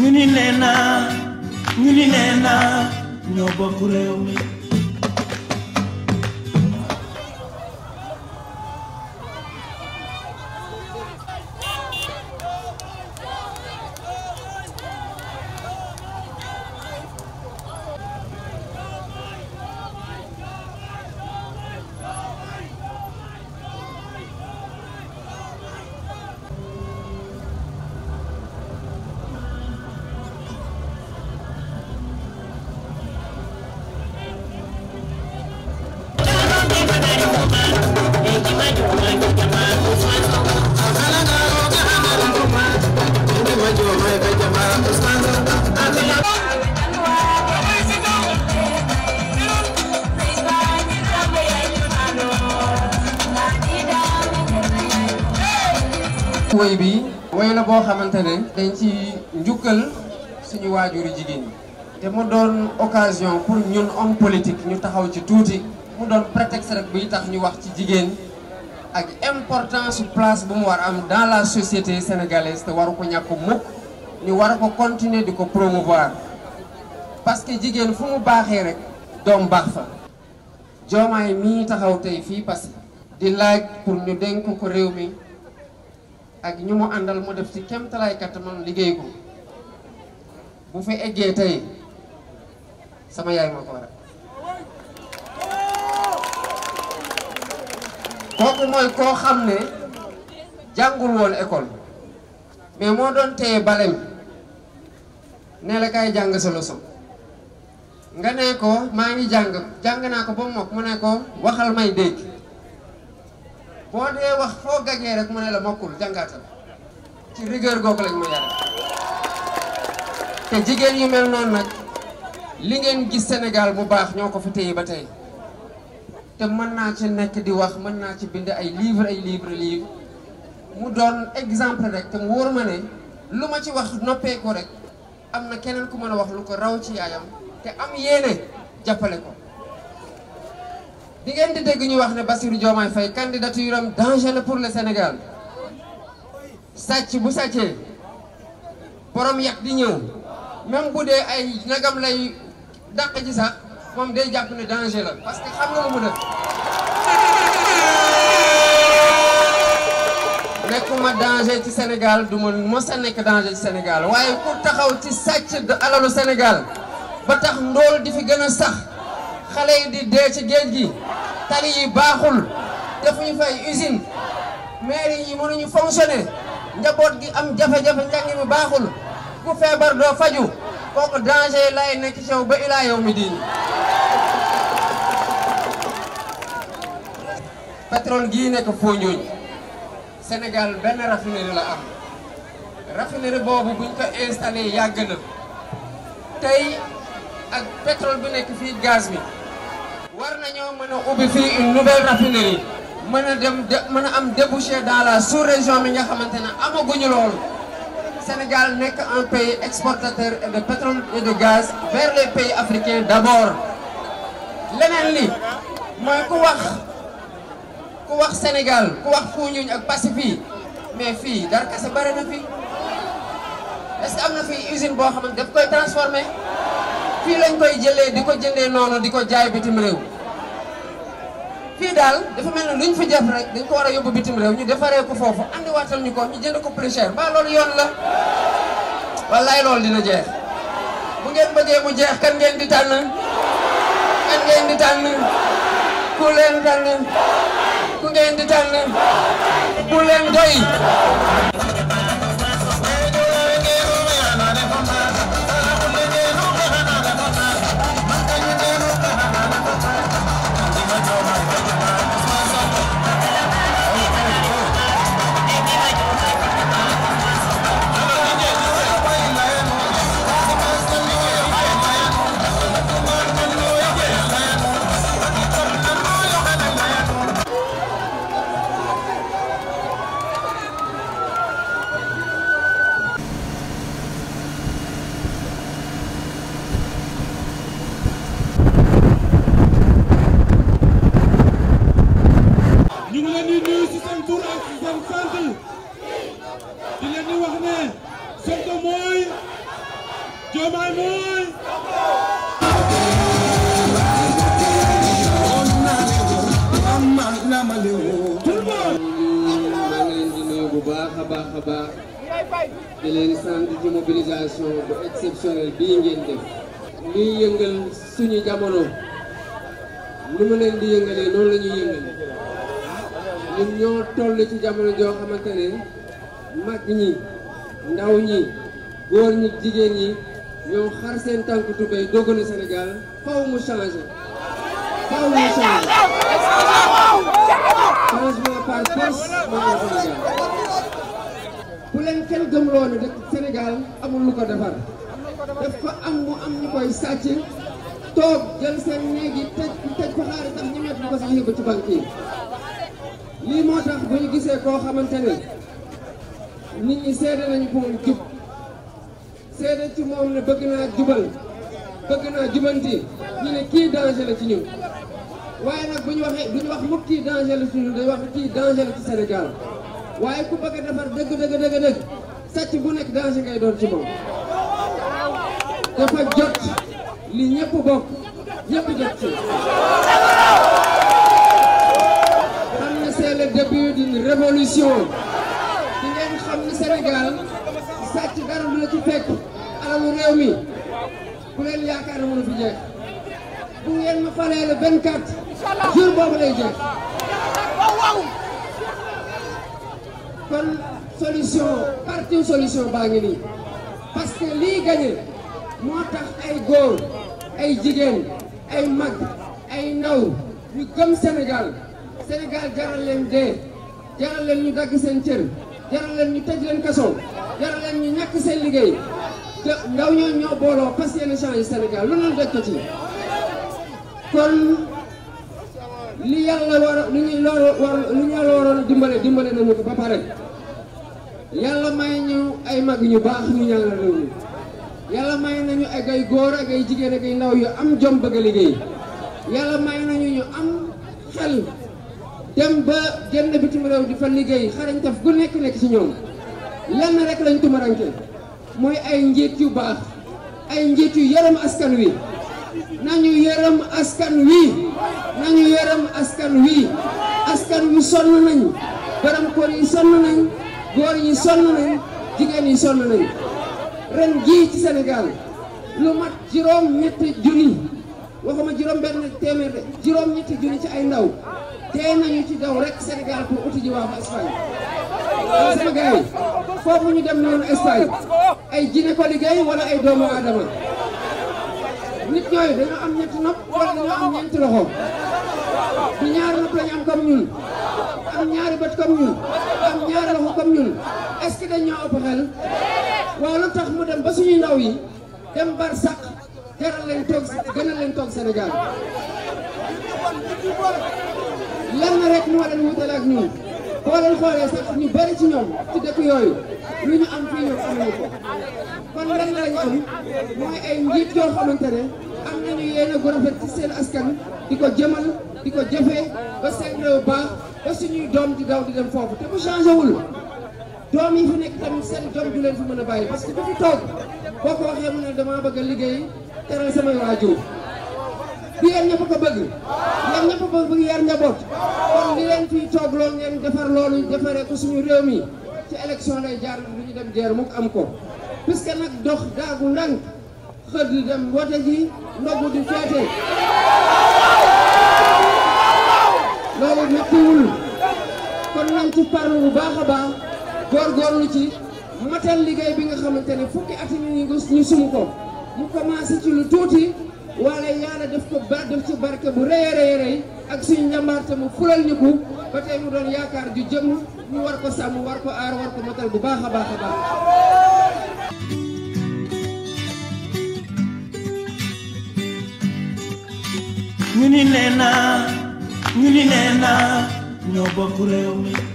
ñu ni nee naa ñu ni nee naa ñoo bokk réew woy bi woy la boo xamante ne dañ ci njukkal suñu waajuri jigéen ñi te mu doon occasion pour ñun homme politique ñu taxaw ci tuuti mu doon prétexte rek buy tax ñu wax ci jigéen ak importance place bu mu war am dans la société sénégalaise te waru ko ñàkk mukk ñu war ko continuer di ko promouvoir parce que jigéen fu mu baaxee rek doom baax fa joomaay mii taxaw tey fii parce que di laaj pour ñu dénk ko réew mi ak ñu mu àndal mu def ci kéemtalaay kattanam liggéey ko bu fi eggee tey sama yaay ma ko waral kooku mooy koo xam ne jàngul woon école mais moo doon téye bale bi ne la kaay jàng sa leçon nga ne ko maa ngi jàng jàng naa ko ba mu mokk mu ne ko waxal may dégg boo dee wax foo gagee rek mu ne la mokkul jàngaatal ci rigueur googu lañ ma yar te jigéen yi mel noonu nag li ngeen gis Sénégal bu baax ñoo ko fi téye ba tey te mën naa ci nekk di wax mën naa ci bind ay livre ay livre livre mu doon exemple rek te mu wóor ma ne lu ma ci wax noppee ko rek am na keneen ku mën a wax lu ko raw ci yaayam te am yéene jàppale ko di di dégg ñu wax ne Bassirou Diomaye Faye candidature am danger la pour le Sénégal sàcc bu sàccee borom yàq di ñëw même bu dee ay nagam lay dàq ji sax moom day jàpp ne danger la parce que xam na lu mu def nekkuma danger ci Sénégal du ma mos a nekk danger ci Sénégal waaye ku taxaw ci sàcc alalu Sénégal ba tax ndóol di fi gën a sax xale yi di dee ci géej gi tali yi baaxul defuñu fay usine mairie yi mënuñu fonctionner njaboot gi am jafe-jafe njàng mi baaxul ku feebar doo faju kooku danger lay nekk ci ba ilaa mi diin pétrole gii nekk Foundiougne Sénégal benn raffinerie la am raffinerie boobu buñ ko installé yàgg na tey ak pétrole bi nekk fii gaz bi war nañoo mën a ubbi fii une nouvelle raffinerie mën a dem mën a am débouché dans la sous-région bi nga xamante ne amaguñu loolu Sénégal nekk un pays exportateur de pétrole et de gaz vers les pays africains d'abord leneen li mooy ku wax ku wax senegal ku wax Fuuñuñ ak Pacifique mais dar ka sa bare na fi est-ce amna fi usine bo xamne daf koy transformer fi lañ koy jëlé di jëndé nono diko jaay bitim rew fi dal dafa melni luñ fi jëf rek dañ ko wara yobbu bitim rew ñu defaree ko fofu andi watal ñuko ñu jënd ko plus cher ba loolu yoon la wallahi loolu dina jeex bu ngeen bëgge mu jeex kan ngeen di tan kan ngeen di tan ku leen tan ngeen di tànn bu leen doy bu baax a baax a baax di leen sant mobilisation bu exceptionnelle bii ngeen def yëngal suñu jamono lu mu leen di yëngalee noonu la ñuy yëngale ñun ñoo toll ci jamono joo xamante ne mag ñi ndaw ñi góor ñi jigéen ñi ñoo xar seen tànku tubéy dogalu Sénégal faw mu changé faw mu changé changement par force mooy Sénégal bu leen kenn gëmloo ne dëkk Sénégal amul lu ko defar dafa am mu am ñu koy sàcc toog jël seen néeg tëj tëj ko xaalis tax ñu mettre ko sax yóbbu ci banque yi lii moo tax bu ñu gisee koo xamante ne nit ñi seede nañu ko moom jub seede ci moom ne bëgg naa jubal bëgg naa jubanti ñu ne kii danger ci ñun. waaye nag bu ñu waxee bu ñu wax mukk kii la suñu dañu wax kii danger senegal ci Sénégal waaye ku bëgg defar dëgg dëgg dëgg sàcc bu nekk danger ngay doon ci moom. dafa jot li ñëpp bokk ñëpp jot ci. xam ne c'est sàcc dara du la ci fekk alalu réew mi ku leen yaakaar mënu fi jeex bu ngeen ma falee le 24. jour boobu lay jël kon solution parti solution baa ngi nii parce que lii gagné moo tax ay góor ay jigéen ay mag ay ndaw ñu gëm senegal Sénégal jaral leen dee jaral leen ñu dagg seen cër jaral leen ñu tëj leen kaso jaral leen ñu ñàkk seen liggéey te ndaw ñoo ñoo booloo parce que yéen a changé Sénégal lu noonu daj ko li yàlla war a lu ñu loolu war lu ñu yàlla waroon dimbale dimbale nañu ko ba pare yàlla may ñu ay mag ñu baax ñu ñaanal réew yàlla may nañu ak ay góor ak ay jigéen ak gay ndaw yu am jom bëgg a liggéey yàlla may nañu ñu am xel dem ba génn bitim réew di fa liggéey xarañ gu nekk nekk ci ñoom lenn rek lañ tumaranke mooy ay njiit yu baax ay njiit yu yaram askan wi nañu yërëm askan wi nañu yërëm askan wi askan wi sonn nañu borom kër yi sonn nañ góor yi sonn nañ jigéen yi sonn nañ ren jii ci senegal lu mat juróom ñetti junni waxuma juróom ci ay ndaw dee nañu ci daw rek senegal pour uti ji waaxu Espagne foofu ñu dem noonu Espagne ay jine ko liggéey wala ay doomu aadama nit yooyu dañoo am ñetti nopp wala dañoo am ñeenti loxo du ñaari nopp lañu am comme ñun am ñaari bët comme ñun am ñaari loxo comme ñun est ce que dañoo xel waaw lu tax mu dem ba suñu ndaw yi dem bar sax jaral leen toog gënal leen toog Sénégal lan rek moo ak ñun. boo leen xoolee sax ñu bari ci ñoom ci dëkk yooyu lu ñu am fii ñoom amuñu ko kon lan lañu am mooy ay njiit yoo xamante ne am nañu yéen a gu rafet ci seen askan di ko jëmal di ko jëfee ba seen réew baax ba suñuy doom di daw di dem foofu te bu changé wul doom yi fi nekk tamit seen doom du leen fi mën a bàyyi parce que bu fi toog boo ko waxee mu ne damaa bëgg liggéey liggéey teral samay waajur du yéen ñëpp ko bëgg yéen ñëpp ko bëgg yar njaboot kon li leen fiy toog loolu ngeen defar loolu defaree ko suñu réew mi ci élection lay jaar du ñu dem jeer mukk am ko puisque nag dox daagu ndànk xëdd di dem wote ji ndogu di feete loolu mettiwul kon nañ ci parlu bu baax a baax góorgóorlu ci matal liggéey bi nga xamante ne fukki at yi sumu ko mu commencé ci lu tuuti wala yàlla def ko ba def ci barke bu rëy a rëy rëy ak suñu ñambaarte mu fulal ñu ko ba tey mu doon yaakaar ju jëm ñu war ko sàmm war ko aar war ko matal bu baax a baax a baax. ñu ni nee naa ñu ni nee naa ñoo bokk réew